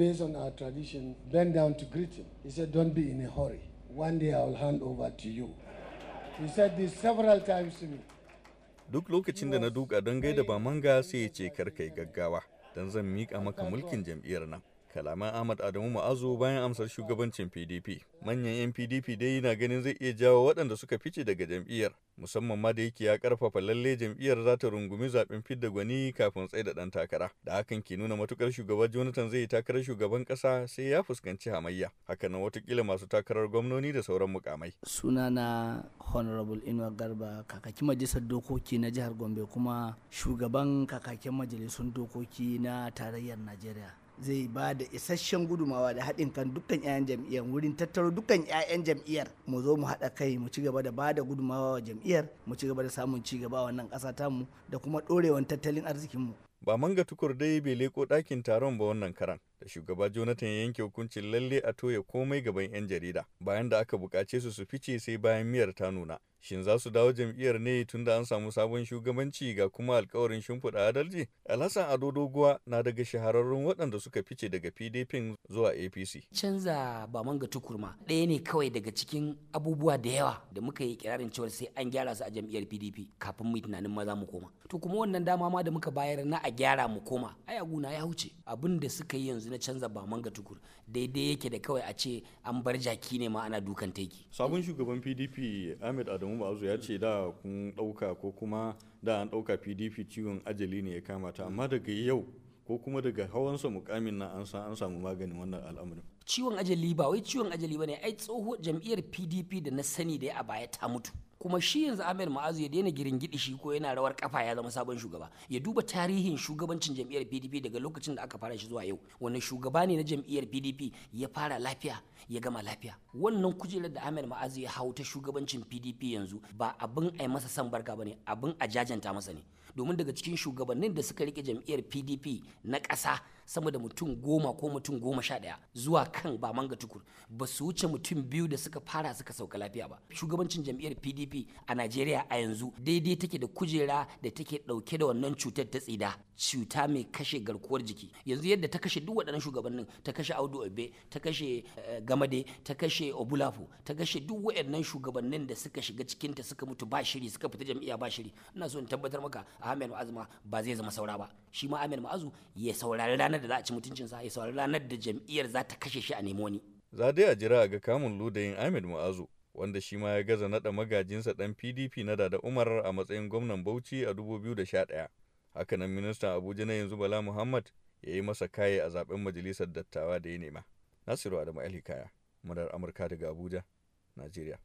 based on our tradition, bent down to greet him. He said, Don't be in a hurry. One day I'll hand over to you. He said this several times to me. Duk lokacin da na duka don gaida ba manga sai ya ce karkai gaggawa, don zan miƙa maka mulkin jam'iyyar nan. kalaman ahmad adamu ma'azu bayan amsar shugabancin pdp manyan 'yan pdp dai na ganin zai iya jawo waɗanda suka fice daga jam'iyyar musamman ma da yake ya karfafa lalle jam'iyyar za ta rungumi zaɓen fidda gwani kafin tsaye da ɗan takara da hakan ke nuna matukar shugaba jonathan zai yi takarar shugaban ƙasa sai ya fuskanci hamayya hakan nan watakila masu takarar gwamnoni da sauran mukamai sunana honorable inuwa garba kakakin majalisar dokoki na jihar gombe kuma shugaban kakakin majalisun dokoki na tarayyar najeriya zai ba da isasshen gudumawa da haɗin kan dukkan 'ya'yan jam'iyyar wurin tattaro dukkan 'ya'yan jam'iyyar mu zo mu haɗa kai mu ci gaba da ba da gudumawa wa jam'iyyar mu ci gaba da samun ci gaba wannan ƙasa tamu da kuma ɗorewan tattalin arzikinmu. ba manga tukur dai bai leko ɗakin taron ba wannan karan da shugaba Jonathan ya yanke hukuncin lalle a toya komai gaban 'yan jarida bayan da aka bukace su su fice sai bayan miyar ta nuna. Shin za su dawo jam'iyyar ne tun da an samu sabon shugabanci ga kuma alkawarin shimfiɗa adalci? Alhassan Ado Doguwa na daga shahararrun waɗanda suka fice daga PDP zuwa APC. Canza ba manga tukurma ɗaya ne kawai daga cikin abubuwa da yawa da muka yi kirarin cewa sai an gyara su a jam'iyyar PDP kafin mu yi tunanin maza mu koma. To kuma wannan dama ma da muka bayar na a gyara mu koma. Ai na ya wuce Abin da suka yi yanzu na canza ba manga tukur daidai yake da kawai a ce an bar jaki ne ma ana dukan teki sabon shugaban pdp ahmed adamu ba'azu ya ce da kun dauka ko kuma da an dauka pdp ciwon ajali ne ya kamata amma daga yau ko kuma daga hawan sa mukamin na an an samu maganin wannan al'amarin ciwon ajali ba wai ciwon ajali bane ai tsoho jam'iyyar pdp da na sani da a baya ta mutu kuma shi yanzu Ahmed Ma'azu ya daina girin giringidi shi ko yana rawar kafa ya zama sabon shugaba ya duba tarihin shugabancin jam'iyyar PDP daga lokacin da aka fara shi zuwa yau wani shugaba ne na jam'iyyar PDP ya fara lafiya ya gama lafiya wannan kujerar da Ahmed Ma'azu ya hau ta shugabancin PDP yanzu ba abin ai masa san barka bane abin a jajanta masa ne domin daga cikin shugabannin da suka rike jam'iyyar PDP na ƙasa sama da mutum goma ko mutum goma sha ɗaya zuwa kan ba manga tukur ba su wuce mutum biyu da suka fara suka sauka lafiya ba shugabancin jam'iyyar pdp a najeriya a yanzu daidai take da kujera da take ɗauke da wannan cutar ta tsida cuta mai kashe garkuwar jiki yanzu yadda ta kashe duk waɗannan shugabannin ta kashe audu obe ta kashe eh, gamade ta kashe obulafu ta kashe duk waɗannan shugabannin da suka shiga cikinta suka mutu ba shiri suka fita jam'iyya ba shiri ina so in tabbatar maka ahmed ma'azu ba zai zama saura ba shi ma ahmed ma'azu ya saurari ranar da za a ci mutuncinsa ya saurari ranar da jam'iyyar za ta kashe shi a nemo ni. Za dai a jira a ga kamun ludayin Ahmed Mu'azu wanda shi ma ya gaza naɗa magajinsa dan PDP na Dada Umar a matsayin gwamnan Bauchi a 2011. Hakanan ministan Abuja na yanzu Bala Muhammad ya yi masa kaye a zaben majalisar dattawa da ya nema. Nasiru Adamu Alhikaya, madar Amurka daga Abuja, Najeriya.